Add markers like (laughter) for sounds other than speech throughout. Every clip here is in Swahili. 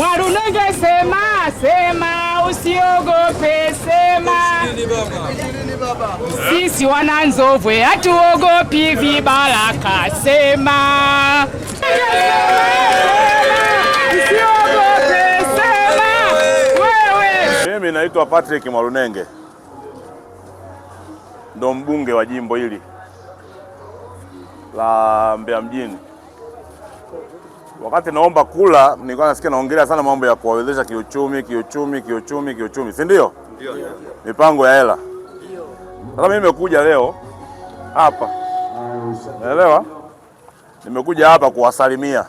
Mwarunenge, sema sema, usiogope sema. Sisi wana Nzovwe hatuogopi vibaraka, sema sema. Mimi naitwa Patrick mwalunenge ndo mbunge wa jimbo hili la Mbeya mjini wakati naomba kula nilikuwa nasikia naongelea sana mambo ya kuwawezesha kiuchumi, kiuchumi, kiuchumi, kiuchumi, si ndio? mipango ya hela. Sasa mimi nimekuja leo hapa, naelewa, nimekuja hapa kuwasalimia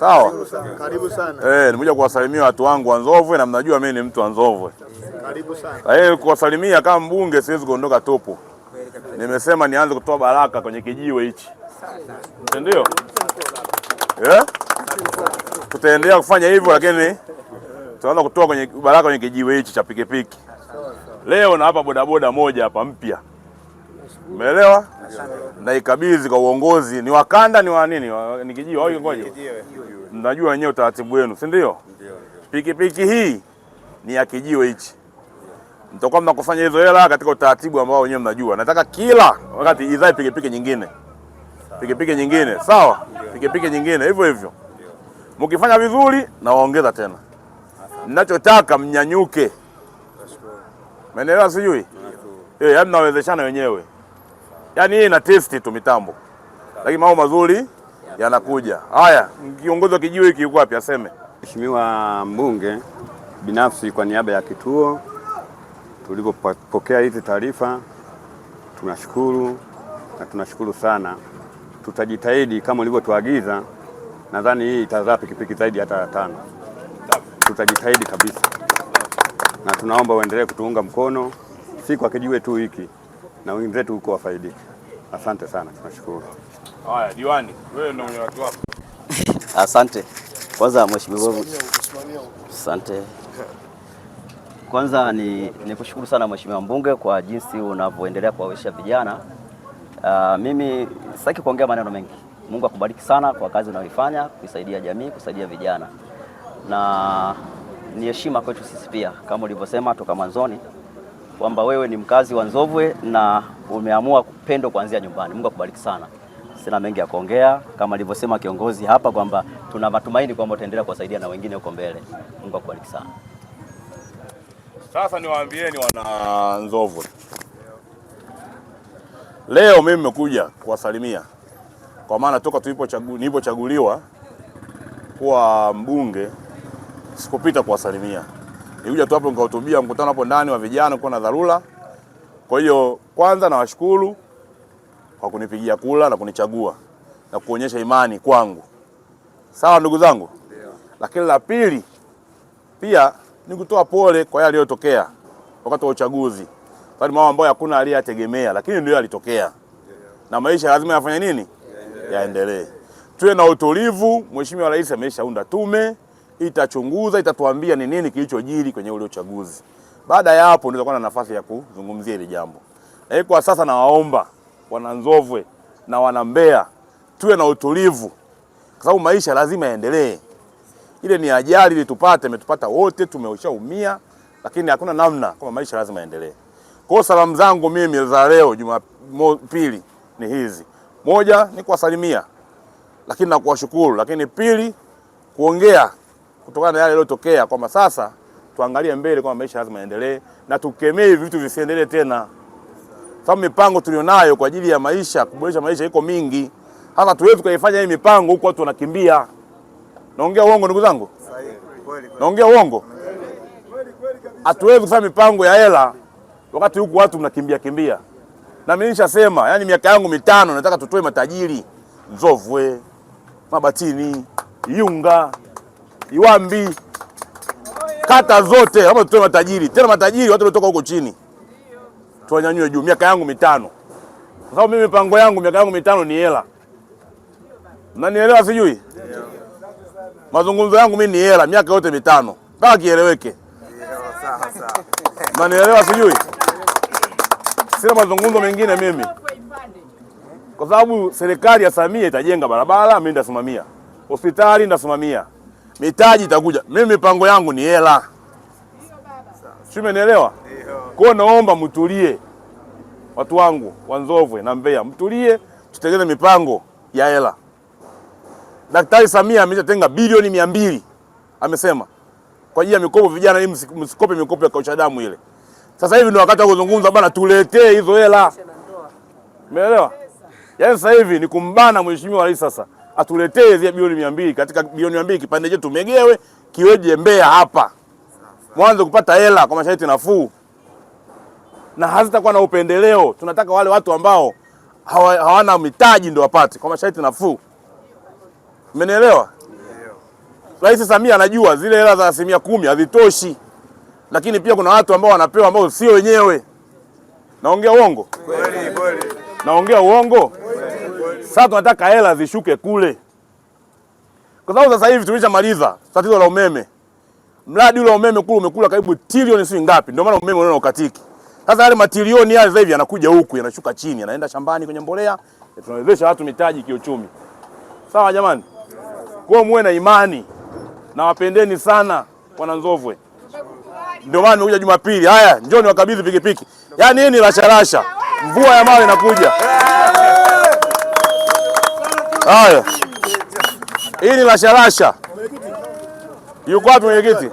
Sawa, karibu sana. Eh, nimekuja kuwasalimia watu wangu wa Nzovwe na mnajua mimi ni mtu wa Nzovwe. Karibu sana. Eh, kuwasalimia kama mbunge siwezi kuondoka tupu. Nimesema nianze kutoa baraka kwenye kijiwe hichi, si ndio? yeah? Tutaendelea kufanya hivyo, lakini tunaanza kutoa kwenye baraka kwenye kijiwe hichi cha pikipiki. Leo na hapa bodaboda moja hapa mpya, umeelewa? Naikabidhi kwa uongozi, ni wakanda ni wa nini, ni kijiwe au ngoja, Mnajua wenyewe utaratibu wenu, si ndio? Pikipiki hii ni ya kijiwe hichi mtakuwa mnakufanya hizo hela katika utaratibu ambao wenyewe mnajua. Nataka kila wakati idhaa pikipiki nyingine pikipiki nyingine sawa, pikipiki nyingine hivyo hivyo. Mkifanya vizuri na waongeza tena, mnachotaka mnyanyuke. Umeelewa? Sijui eh, yaani mnawezeshana wenyewe, yaani hii ina testi tu mitambo, lakini mambo mazuri yanakuja. Haya, kiongozi wa hiki yuko wapi? Aseme. Mheshimiwa Mbunge, binafsi kwa niaba ya kituo, tulipopokea hizi taarifa tunashukuru na tunashukuru sana tutajitahidi kama ulivyotuagiza. Nadhani hii itazaa pikipiki zaidi hata tano, tutajitahidi kabisa, na tunaomba uendelee kutuunga mkono, si kwa kijiwe tu hiki, na wenzetu huko wafaidike. Asante sana, tunashukuru. Haya, diwani, wewe ndio mwenye watu wako. (laughs) Asante kwanza, mheshimiwa. Asante kwanza, ni nikushukuru sana mheshimiwa mbunge kwa jinsi unavyoendelea kuwawezesha vijana Uh, mimi sitaki kuongea maneno mengi. Mungu akubariki sana kwa kazi unayoifanya kuisaidia jamii, kusaidia vijana, na ni heshima kwetu sisi pia, kama ulivyosema toka mwanzoni kwamba wewe ni mkazi wa Nzovwe na umeamua kupendo kuanzia nyumbani. Mungu akubariki sana. Sina mengi ya kuongea, kama alivyosema kiongozi hapa kwamba tuna matumaini kwamba utaendelea kuwasaidia na wengine huko mbele. Mungu akubariki sana. Sasa niwaambieni wana Nzovwe Leo mimi nimekuja kuwasalimia kwa maana toka nilipochaguliwa kuwa mbunge sikupita kuwasalimia, nilikuja tu hapo nikahutubia mkutano hapo ndani wa vijana, kwa na dharura. Kwa hiyo kwanza nawashukuru kwa kunipigia kula na kunichagua na kuonyesha imani kwangu, sawa ndugu zangu, yeah. Lakini la pili pia ni kutoa pole kwa yale yaliyotokea wakati wa uchaguzi bali mambo ambayo hakuna aliyategemea, lakini ndio yalitokea. Na maisha lazima yafanye nini? Yaendelee. Tuwe na utulivu. Mheshimiwa Rais ameshaunda tume itachunguza, itatuambia ni nini kilichojiri kwenye ule uchaguzi. Baada ya hapo unaweza na nafasi ya kuzungumzia hili jambo. Na kwa sasa nawaomba wana Nzovwe na wana Mbeya tuwe na utulivu, kwa sababu maisha lazima yaendelee. Ile ni ajali ilitupata, imetupata wote, tumeshaumia, lakini hakuna namna, kwa maisha lazima yaendelee. Kwa salamu zangu mimi za leo Jumapili ni hizi: moja ni kuwasalimia, lakini na kuwashukuru, lakini pili kuongea kutokana na yale yaliyotokea, kwamba sasa tuangalie mbele kwamba maisha lazima yaendelee na tukemee vitu visiendelee tena, sababu mipango tulionayo kwa ajili ya maisha, kuboresha maisha iko mingi. Hata tuwezi kuifanya hii mipango huku watu wanakimbia. Naongea uongo ndugu zangu? Naongea uongo? Hatuwezi kufanya mipango ya hela wakati huku watu mnakimbia kimbia. Na mimi nishasema, yani miaka yangu mitano nataka tutoe matajiri Nzovwe, Mabatini, Yunga, Iwambi, kata zote ama tutoe matajiri tena, matajiri watu waliotoka huko chini tuwanyanyue juu. Miaka yangu mitano, kwa sababu mimi mipango yangu miaka yangu mitano ni hela, mnanielewa? Sijui mazungumzo yangu mimi ni hela, miaka yote mitano, mpaka kieleweke. Mnanielewa? Sijui sina mazungumzo mengine mimi, kwa sababu serikali ya Samia itajenga barabara, mimi nitasimamia hospitali, nitasimamia mitaji, itakuja. Mimi mipango yangu ni hela, si umenielewa? Kwa hiyo naomba mtulie, watu wangu wa Nzovwe na Mbeya, mtulie, tutengeneze mipango ya hela. Daktari Samia ameshatenga bilioni mia mbili amesema kwa ajili ya mikopo vijana, ili msikope mikopo ya kausha damu ile. Sasa hivi ndo wakati wa kuzungumza bana, tuletee hizo hela. Umeelewa? Yaani sasa hivi ni kumbana Mheshimiwa Rais sasa atuletee zile bilioni mia mbili katika bilioni mia mbili kipande chetu Megewe kiweje Mbeya hapa mwanzo kupata hela kwa masharti nafuu, na hazitakuwa na upendeleo. Tunataka wale watu ambao hawa, hawana mitaji ndio wapate kwa masharti nafuu. Mmenielewa? Rais Samia anajua zile hela za asilimia kumi hazitoshi lakini pia kuna watu ambao wanapewa ambao sio wenyewe. Naongea uongo kweli? Kweli naongea uongo? Sasa tunataka hela zishuke kule, kwa sababu sasa hivi tulishamaliza tatizo la umeme. Mradi ule wa umeme kule umekula karibu trilioni si ngapi, ndio maana umeme unaona ukatiki. Sasa yale matrilioni yale sasa hivi yanakuja huku, yanashuka chini, yanaenda shambani kwenye mbolea, tunawezesha watu mitaji kiuchumi. Sawa jamani, kwa muwe na imani na wapendeni sana wana Nzovwe ndio maana nimekuja Jumapili. Haya, njoo niwakabidhi pikipiki. Yaani hii ni rasharasha, mvua ya mawe inakuja. Haya, hii ni rasharasha. Yuko wapi mwenyekiti?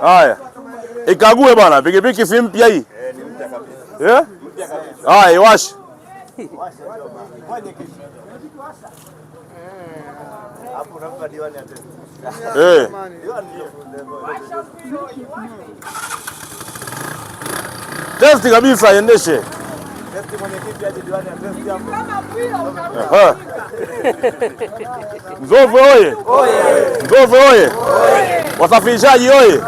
Haya, ikague bwana, pikipiki si mpya hii. Eh? Haya, iwashi Eh. Testi kabisa iendeshe. Nzovwe oye! Nzovwe oye! Wasafirishaji oye!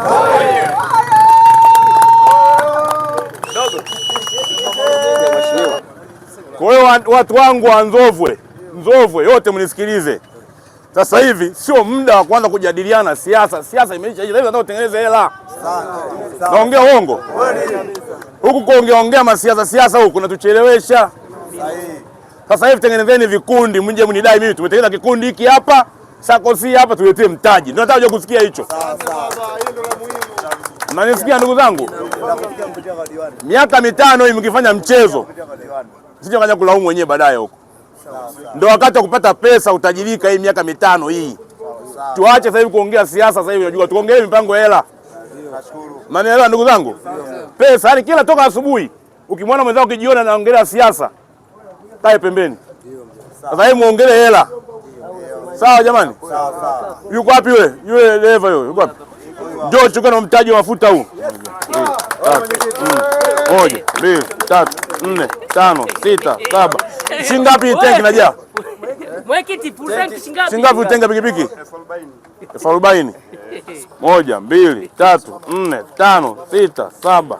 Kwa hiyo watu wangu wa Nzovwe, Nzovwe yote mnisikilize. Sasa hivi sio muda wa kuanza kujadiliana siasa. Siasa imeisha, hivi nataka kutengeneza hela. Naongea uongo? Huku kuongeaongea masiasa siasa huku natuchelewesha. Sasa hivi tengenezeni vikundi, mje mnidai mimi, tumetengeneza kikundi hiki hapa sakosi hapa, tuletee mtaji. Ndio nataka kusikia hicho. Mnanisikia ndugu zangu? Miaka mitano hii mkifanya mchezo, sije kaja kulaumu wenyewe baadaye huko ndo wakati wa kupata pesa, utajirika hii miaka mitano hii. Tuache sasa hivi kuongea siasa sasa hivi, unajua tuongelee mipango ya hela. Mnanielewa ndugu zangu? Pesa yani, kila toka asubuhi ukimwona mwenzako ukijiona anaongelea siasa, kae pembeni. Sasa hivi muongelee hela. Sawa jamani? Yuko wapi yule? Yule dereva yule yuko wapi? Njoo chukua na mtaji wa mafuta huu. Moja, mbili, tatu, nne, tano, sita, saba shingapi (laughs) tenki tanki inajaa? Shilingi pikipiki? Elfu arobaini. Moja, mbili, tatu, nne, tano, sita, saba,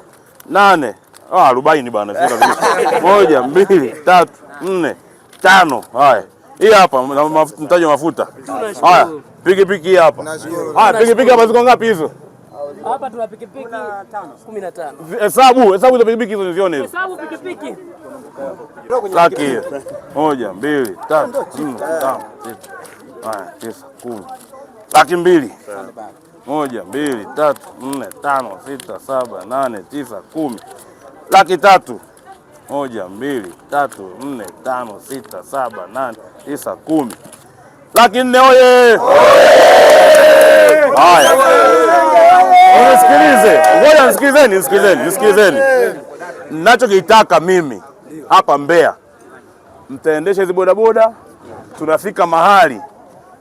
nane. Ah, arobaini bana. (laughs) Moja, mbili, tatu, nne, tano. Haya. Hii hapa mtaji wa mafuta. Haya, pikipiki hapa. Haya, pikipiki hapa ziko ngapi hizo? Hapa tuna pikipiki 15. Hesabu, hesabu za pikipiki hizo nizione hizo. Hesabu pikipiki. Saki moja mbili tatu nne mm, tano sita haya tisa kumi. Laki mbili moja mbili tatu nne tano sita saba nane tisa kumi. Laki tatu moja mbili tatu nne tano sita saba nane tisa kumi. Laki nne oye! Haya, nisikilize, ngoja nisikilizeni, nisikilizeni, nisikilizeni nachokitaka mimi hapa Mbeya, mtaendesha hizi bodaboda, tunafika mahali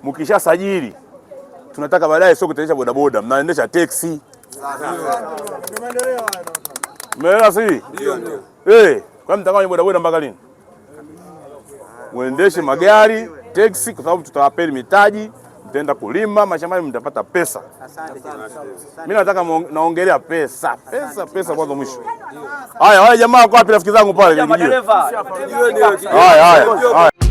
mkishasajili, tunataka baadaye sio kutendesha bodaboda, mnaendesha teksi. Umeelewa si Eh, kwa mtakaa kwenye bodaboda mpaka lini? Uendeshe magari teksi, kwa sababu tutawapeli mitaji mtaenda kulima mashambani, mtapata pesa. Mimi nataka naongelea pesa, pesa, pesa kwanza mwisho. Haya, haya jamaa wako wapi? Rafiki zangu pale, haya haya.